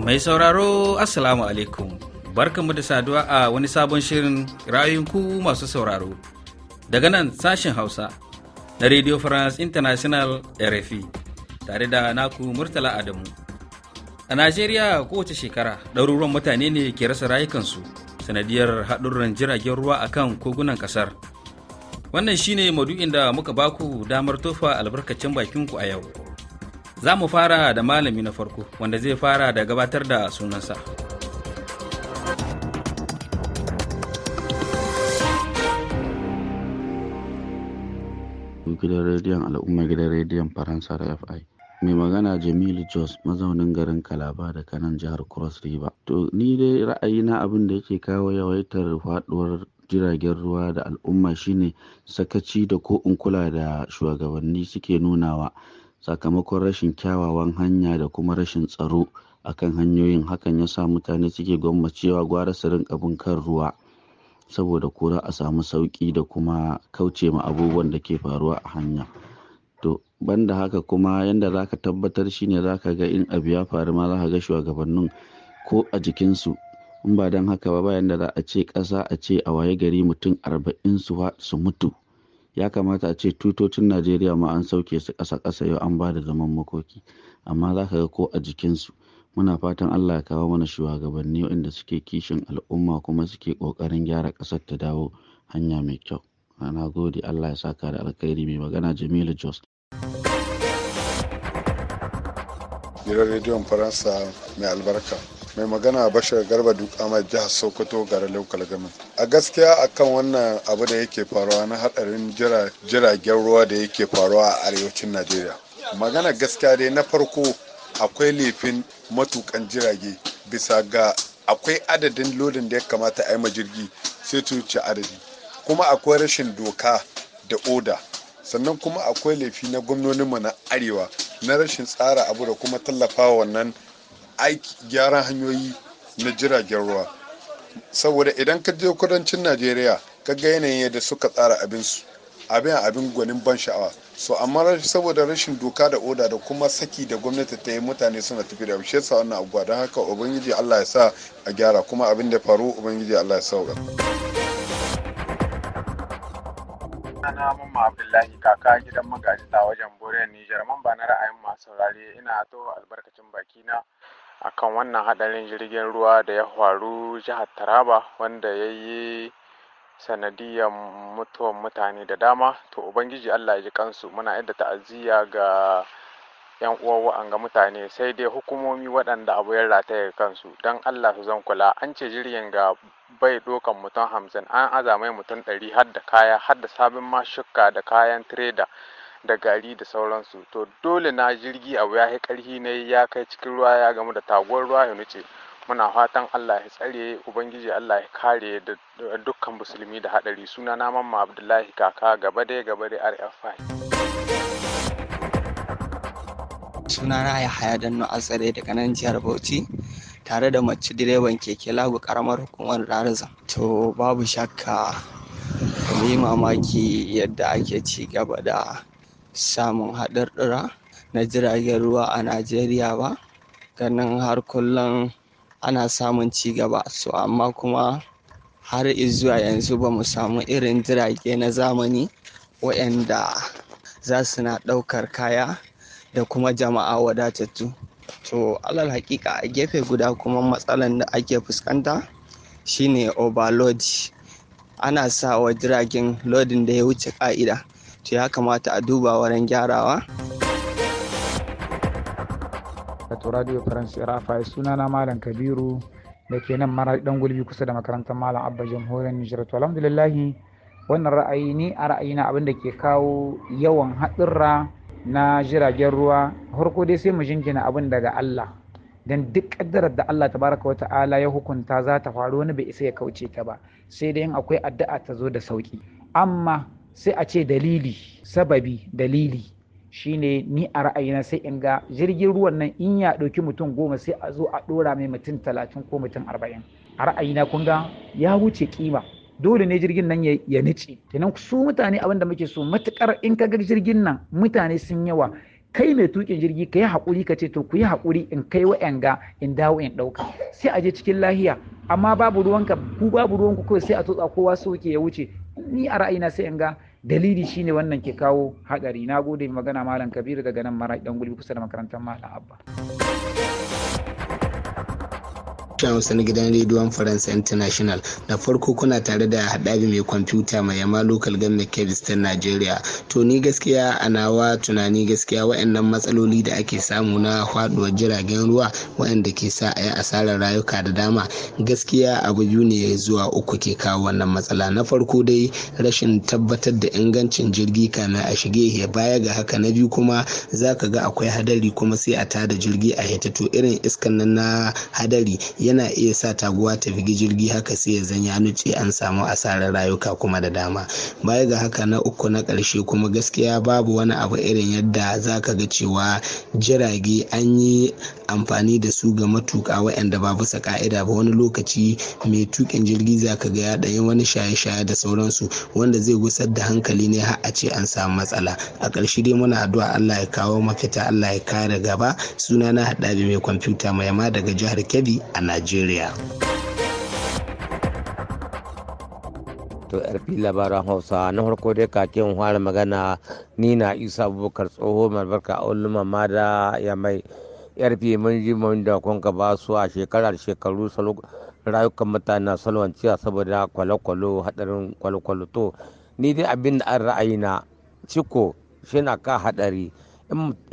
Mai sauraro Assalamu alaikum. Barkanmu da saduwa a wani sabon shirin ku masu sauraro. Daga nan sashen Hausa na Radio France International RFI tare da naku Murtala Adamu. A Najeriya kowace shekara ɗaruruwan mutane ne ke rasa rayukansu sanadiyar haɗurran jiragen ruwa akan kogunan ƙasar. Wannan shi ne maudu'in da muka baku damar tofa albarkacin bakinku a yau. Za mu fara da malami na farko wanda zai fara da gabatar da sunansa. gidan rediyon al'umma gidan rediyon faransa da fi mai magana jamilu jos mazaunin garin kalaba da kanan jihar cross river to ni dai ra'ayina abin da yake kawo yawaitar faduwar jiragen ruwa da al'umma shine sakaci da ko in kula da shugabanni suke nunawa sakamakon rashin kyawawan hanya da kuma rashin tsaro akan hanyoyin hakan ya sa mutane suke gwammacewa gwara su rinka bin kan ruwa saboda kura a samu sauki da kuma kauce ma abubuwan da ke faruwa a hanya to banda haka kuma yadda za ka tabbatar shine za ka ga in abu ya faru ma za ka ga shugabannin ko a jikinsu in ba don haka ba bayan da za a ce ƙasa a ce a waye gari mutum arba'in su mutu ya kamata a ce tutocin najeriya ma an sauke su ƙasa ƙasa yau an ba da zaman makoki amma za ka ga ko a jikinsu muna fatan allah ya kawo mana shugabanni waɗanda suke kishin al'umma kuma suke ƙoƙarin gyara ƙasar ta dawo hanya mai kyau na gode allah ya saka da alkhairi mai magana jamilu jos gidan rediyon faransa mai albarka mai magana bashar garba duk mai jihar sokoto garin laukal gamin a gaskiya akan wannan abu da yake faruwa na hadarin jiragen ruwa da yake faruwa a arewacin najeriya magana gaskiya dai na farko akwai laifin matukan jirage bisa ga akwai adadin lodin da ya kamata a yi jirgi sai ta wuce adadi kuma akwai rashin doka da oda sannan kuma akwai laifi na gwamnoninmu na arewa na rashin tsara abu da kuma tallafa wannan aiki gyaran hanyoyi na jiragen ruwa saboda idan ka je kudancin najeriya ka ga yanayin yadda suka tsara abinsu abin abin gwanin ban sha'awa so amma saboda rashin doka da oda da kuma saki da gwamnati ta yi mutane suna tafi da shi sa wannan abubuwa don haka ubangiji Allah ya sa a gyara kuma abin da faru ubangiji Allah ya sauka ana ma abdullahi kaka gidan magaji ta wajen bore nijar jarman ba na ra'ayin masu saurare ina to albarkacin baki na akan wannan hadarin jirgin ruwa da ya faru jihar taraba wanda ya yi sanadiyar mutuwan mutane da dama to ubangiji allah ya ji kansu muna yadda ta'aziyya ga yan uwan wa'anga mutane sai dai hukumomi waɗanda abu ya rataya kansu don allah su zan kula an ce jirgin ga bai dokan mutum hamsin an azamai mutum ɗari har da kaya har da sabin mashuka da kayan tireda da gari da sauransu to dole na jirgi abu ya yi karhi ne ya kai cikin ruwa ya gamu da taguwar ruwa ya nuce muna fatan Allah ya tsare ubangiji Allah ya kare da dukkan musulmi da hadari suna na mamma Abdullahi kaka gaba dai gaba dai RFI suna na ya haya a tsare daga nan jihar Bauchi tare da mace direban keke lagu karamar hukumar Rariza to babu shakka mu mamaki yadda ake ci gaba da samun haɗarɗura na jiragen ruwa a Najeriya ba. Ganin har kullum ana samun cigaba gaba so amma kuma har zuwa yanzu ba mu samu irin jirage na zamani waɗanda za su na ɗaukar kaya da kuma jama'a wadatattu. To alal hakika a gefe guda kuma matsalan da ake fuskanta shine overload ana sawa jiragen lodin da ya wuce ƙa'ida. to ya kamata a duba wurin gyarawa. Wato Radio France Rafa suna na Malam Kabiru da ke nan mara ɗan gulbi kusa da makarantar Malam Abba Jamhuriyar Nijar. To alhamdulillahi wannan ra'ayi ni a ra'ayina abin da ke kawo yawan haɗurra na jiragen ruwa harko dai sai mu jingina abin daga Allah dan duk kaddarar da Allah tabaraka wa ta'ala ya hukunta za ta faru wani bai isa ya kauce ta ba sai dai in akwai addu'a ta zo da sauki amma sai a ce dalili sababi dalili shine ni a ra'ayina sai in ga jirgin ruwan nan in ya ɗauki mutum goma sai a zo a ɗora mai mutum talatin ko mutum arba'in a ra'ayina kun ga ya wuce kima dole ne jirgin nan ya nice kenan su mutane abin da muke so matukar in ka ga jirgin nan mutane sun yawa kai mai tuƙin jirgi ka yi haƙuri ka ce to ku yi haƙuri in kai ga, in dawo in ɗauka sai a je cikin lahiya amma babu ruwanka ku babu ruwanku kawai sai a tutsa kowa soke ya wuce ni a ra'ayina sai in ga dalili shine wannan ke kawo haɗari na gode magana malam kabiru daga nan mara dan gulbi kusa da makarantar malam abba Sashen wasu gidan rediyon Faransa International. na farko kuna tare da haɗari mai kwamfuta mai yama local government kebis ta Najeriya. To ni gaskiya a nawa tunani gaskiya waɗannan matsaloli da ake samu na faɗuwar jiragen ruwa waɗanda ke sa a yi asarar rayuka da dama. Gaskiya abu biyu ne zuwa uku ke kawo wannan matsala. Na farko dai rashin tabbatar da ingancin jirgi kana a shige ya baya ga haka na biyu kuma za ka ga akwai hadari kuma sai a tada jirgi a hita to irin iskan nan na hadari yana iya sa taguwa ta fi jirgi haka sai ya zan ya nuce an samu asarar rayuka kuma da dama baya ga haka na uku na ƙarshe kuma gaskiya babu wani abu irin yadda za ka ga cewa jirage an yi amfani da su ga matuƙa waɗanda ba bisa ka'ida ba wani lokaci mai tukin jirgi za ka ga ya ɗanyi wani shaye-shaye da sauransu wanda zai gusar da hankali ne har a ce an samu matsala a ƙarshe dai muna addu'a Allah ya kawo mafita Allah ya kare gaba suna na haɗa mai kwamfuta mai ma daga jihar Kebbi a Najeriya. to yarfi labaran hausa na farko dai kakin fara magana ni na isa abubakar tsoho mai barka a ma da ya mai yarfi mun ji mun da kun ka ba su a shekarar shekaru rayukan mutane na salwanciya saboda kwale-kwale hadarin kwale-kwale to ni dai abin da an ra'ayi na ciko shi na ka hadari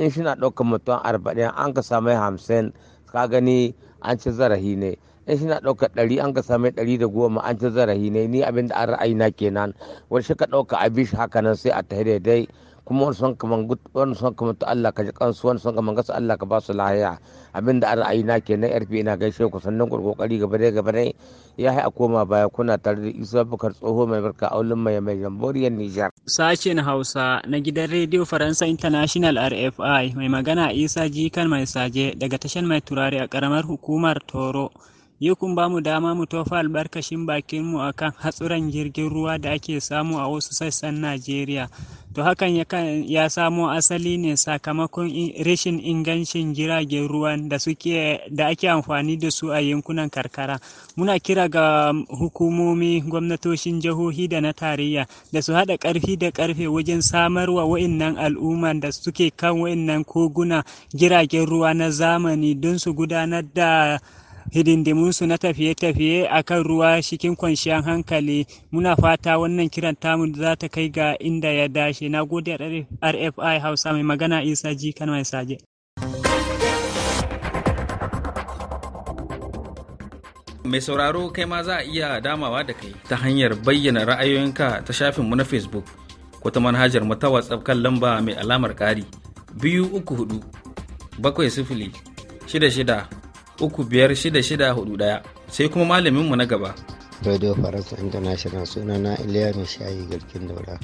in shi na ɗaukar mutum arba'in an ka samai hamsin ka gani an ci zarafi ne in shi na ɗauka ɗari an ka same ɗari da goma an ci zarafi ne ni abin da an ra'ayi na kenan wani shi ka ɗauka abish haka nan sai a ta daidai kuma wani son kaman gut wani son kaman to Allah ka ji kansu wani son kaman gasu Allah ka ba su lahiya abinda an ra'ayi na kenan yarfi ina gaishe ku sannan kokari gaba dai gaba dai ya hai a koma baya kuna tare da Isa Bukar tsoho mai barka aulun mai mai jamboriyar Nijar sashen Hausa na gidan Radio Faransa International RFI mai magana Isa Jikan mai saje daga tashar mai turare a karamar hukumar Toro yi kun ba mu dama mu tofa albarkashin bakinmu a kan hatsuran jirgin ruwa da ake samu a wasu sassan Najeriya. To hakan ya samo asali ne sakamakon rashin ingancin jiragen ruwan da suke da ake amfani da su a yankunan karkara. Muna kira ga hukumomi, gwamnatoshin jihohi da na tarayya da su haɗa ƙarfi da karfe wajen samarwa wa'innan al'umma da suke kan wa'innan koguna jiragen ruwa na zamani don su gudanar da hidindimunsu na tafiye-tafiye a kan ruwa cikin kwanciyar hankali muna fata wannan kiran tamu za ta kai ga inda ya dashe na gode rfi hausa mai magana isa ji kan mai saje mai sauraro kai ma za a iya damawa da kai ta hanyar bayyana ra'ayoyinka ta shafinmu na facebook ko ta manhajar mu ta whatsapp kan lamba mai alamar kari biyu uku hudu bakwai sifili shida shida Uku 356641 sai kuma malaminmu na gaba. Radio Faransa International na Iliya shayi, Garkin Daura.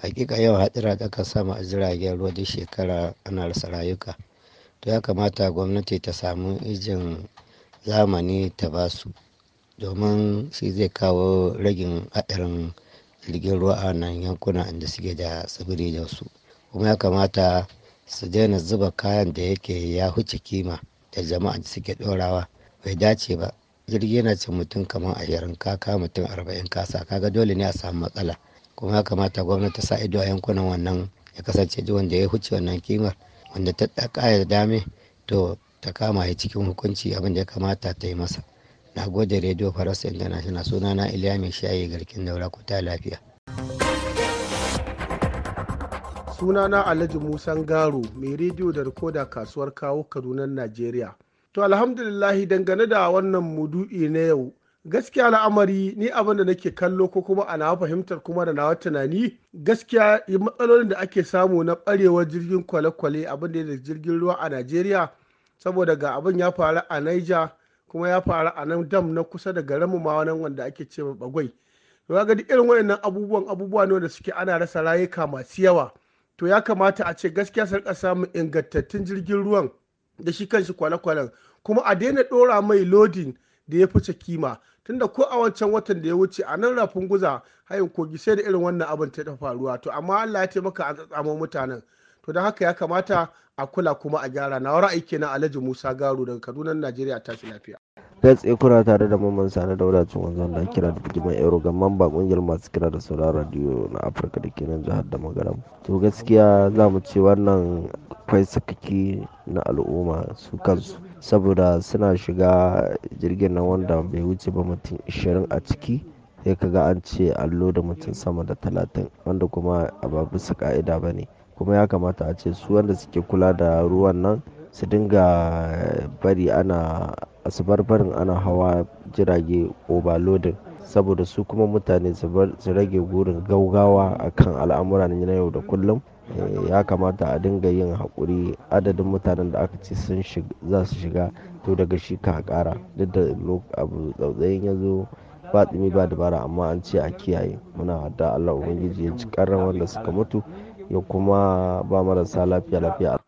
Hakika yau hadira da aka sama a jiragen ruwa duk shekara ana rasa rayuka. To ya kamata gwamnati ta samu ijin zamani ta ba su, domin shi zai kawo ragin haɗarin jirgin ruwa a nan yankuna inda suke da tsibiri da su. Kuma ya kamata su daina zuba kayan da yake ya huce kima. da jama'a suke ɗorawa bai dace ba jirgi yana cin mutum kamar ashirin ka kaka mutum arba'in kasa kaga dole ne a samu matsala kuma ya kamata gwamnati sa ido a yankunan wannan ya kasance duk wanda ya huce wannan kimar wanda ta ya dame to ta kama ya cikin hukunci abin da ya kamata ta yi masa na gode rediyo faransa international sunana iliya mai shayi garkin daura kuta lafiya sunana alhaji musan garo mai rediyo da rikoda kasuwar kawo kaduna najeriya to alhamdulillahi dangane da wannan mudu'i na yau gaskiya al'amari ni abin da nake kallo ko kuma ana fahimtar kuma da nawa tunani gaskiya matsalolin da ake samu na barewar jirgin kwale-kwale abin da da jirgin ruwa a najeriya saboda ga abin ya faru a niger kuma ya faru a nan dam na kusa da garinmu ma wannan wanda ake ce bagwai to ga duk irin wayannan abubuwan abubuwa ne da suke ana rasa rayuka masu yawa to ya kamata a ce gaskiya su rika samun ingantattun jirgin ruwan da shi kanshi kwale-kwalen kuma a daina ɗora mai lodin da ya fice kima tunda ko a wancan watan da ya wuce a nan rafin guza hayin kogi sai da irin wannan abin ta faruwa to amma Allah ya taimaka an tsatsamo mutanen to don haka ya kamata a kula kuma a gyara na ra'ayi kenan Alhaji Musa Garu daga Kaduna Najeriya tashi lafiya kai tsaye eh, kuna tare da mamman sani da wadatun wanzan da kira da bigiman euro ga mamba kungiyar masu kira da sauran radio na afirka da ke jihar da magaram to gaskiya za mu ce wannan akwai sakaki na al'umma su kansu saboda suna shiga jirgin nan wanda bai wuce ba mutum 20 a ciki sai kaga an ce allo da mutum sama da talatin wanda kuma ba bisa ka'ida ba ne kuma ya kamata a ce su wanda suke kula da ruwan nan su dinga bari ana asubarbarin ana hawa jirage overloading saboda su kuma mutane su rage gurin gaugawa akan al'amura na yau da kullum eh, ya kamata a dinga yin haƙuri adadin mutanen da aka ce sun za su shiga to daga shi ka ƙara duk da abu tsautsayin ya zo ba tsimi ba dabara amma an ce a kiyaye muna da allah ubangiji ya ci ƙarran wanda suka mutu ya kuma ba marasa lafiya lafiya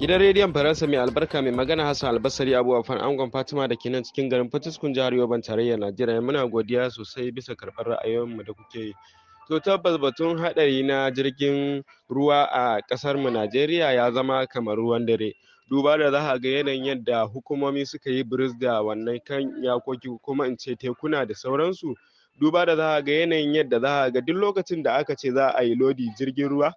Gidan rediyon Faransa mai albarka mai magana Hassan Albasari Abuwafan Angon Fatima da kenan cikin garin Fatiskun jihar Yoban tarayyar Najeriya muna godiya sosai bisa karɓar ra'ayoyinmu da kuke yi. To tabbas batun haɗari na jirgin ruwa a ƙasar mu Najeriya ya zama kamar ruwan dare. Duba da za ga yanayin yadda hukumomi suka yi biris da wannan kan yakoki kuma in ce tekuna da sauransu. Duba da za ga yanayin yadda za ga duk lokacin da aka ce za a yi lodi jirgin ruwa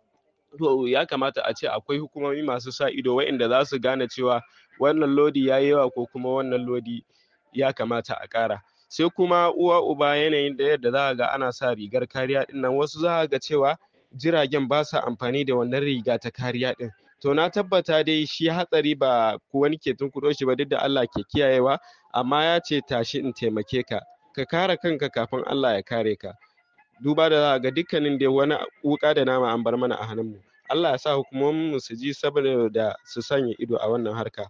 to ya kamata a ce akwai hukumomi masu sa ido waɗanda za su gane cewa wannan lodi ya yi yawa ko kuma wannan lodi ya kamata a ƙara sai kuma uwa uba yanayin da yadda za ga ana sa rigar kariya ɗin, nan wasu za ga cewa jiragen ba sa amfani da wannan riga ta kariya ɗin, to na tabbata dai shi hatsari ba ku wani ke tunkuɗo shi ba duk da Allah ke kiyayewa amma ya ce tashi in taimake ka ka kare kanka kafin Allah ya kare ka duba da ga dukkanin da wani wuka da nama an bar mana a mu Allah ya sa hukumomin su ji saboda su sanya ido a wannan harka.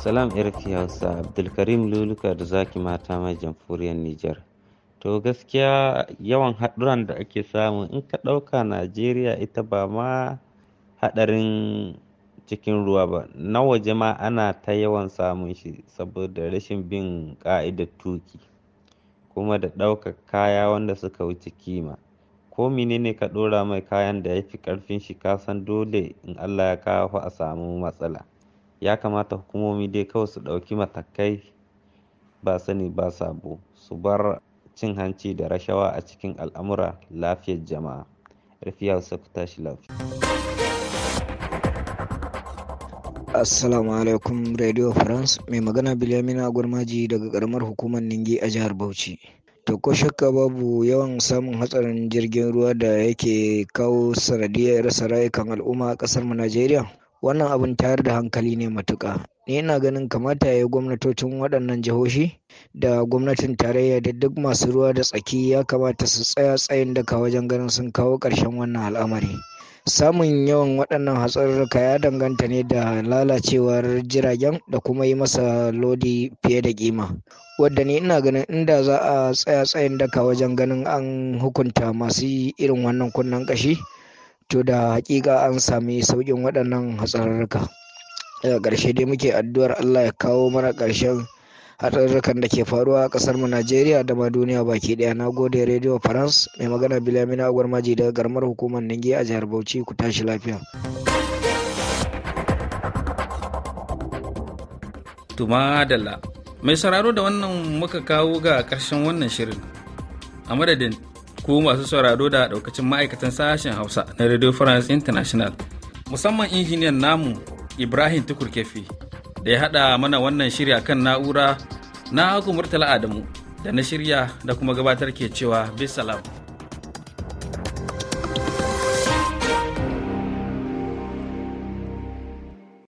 Salam irki Hausa Abdulkarim Luluka da zaki mata mai jamhuriyar Nijar. To gaskiya yawan haɗuran da ake samu in ka ɗauka Najeriya ita ba ma haɗarin cikin ruwa ba na waje ma ana ta yawan samun shi saboda rashin bin ƙa'idar tuki. kuma da ɗaukar kaya wanda suka wuce kima. Ko menene ka ɗora mai kayan da ya fi ƙarfin shi ka san dole in Allah ya kawo fa a samu matsala. Ya kamata hukumomi dai kawai su ɗauki matakai ba sani ba sabo su bar cin hanci da rashawa a cikin al'amura lafiyar jama'a. rufiya Hausa ku tashi lafiya. Assalamu alaikum Radio France mai magana Bilyamina Gwarmaji daga karamar hukumar Ningi a jihar Bauchi. To ko shakka babu yawan samun hatsarin jirgin ruwa da yake kawo sanadiyar rasa rayukan al'umma a kasar mu Najeriya. Wannan abin tayar da hankali ne matuƙa. Ni ina ganin kamata ya yi gwamnatocin waɗannan jihohi da gwamnatin tarayya da duk masu ruwa da tsaki ya kamata su tsaya tsayin daka wajen ganin sun kawo ƙarshen wannan al'amari. Samun yawan waɗannan hatsarurruka ya danganta ne da lalacewar jiragen da kuma yi masa lodi fiye da kima. Wadda ni ina ganin inda za a tsaya tsayin daka wajen ganin an hukunta masu irin wannan kunnen kashi, to da hakika an sami sauƙin waɗannan hatsarurruka. Daga ƙarshe dai muke addu'ar Allah ya kawo mana ƙarshen hatsarurrukan da ke faruwa a kasar mu Najeriya da ma duniya baki ɗaya, na gode Radio France mai magana Bilamina Agwarmaji daga garmar hukumar Ninge a jihar Bauchi ku tashi lafiya. Tuma Dalla mai sauraro da wannan muka kawo ga ƙarshen wannan shirin a madadin ku masu sauraro da ɗaukacin ma'aikatan sashen Hausa na Radio France International musamman injiniyan namu Ibrahim Tukur Kefi. da ya haɗa mana wannan shirya kan na'ura na aku murtala adamu da na shirya da kuma gabatar ke cewa bisalamu.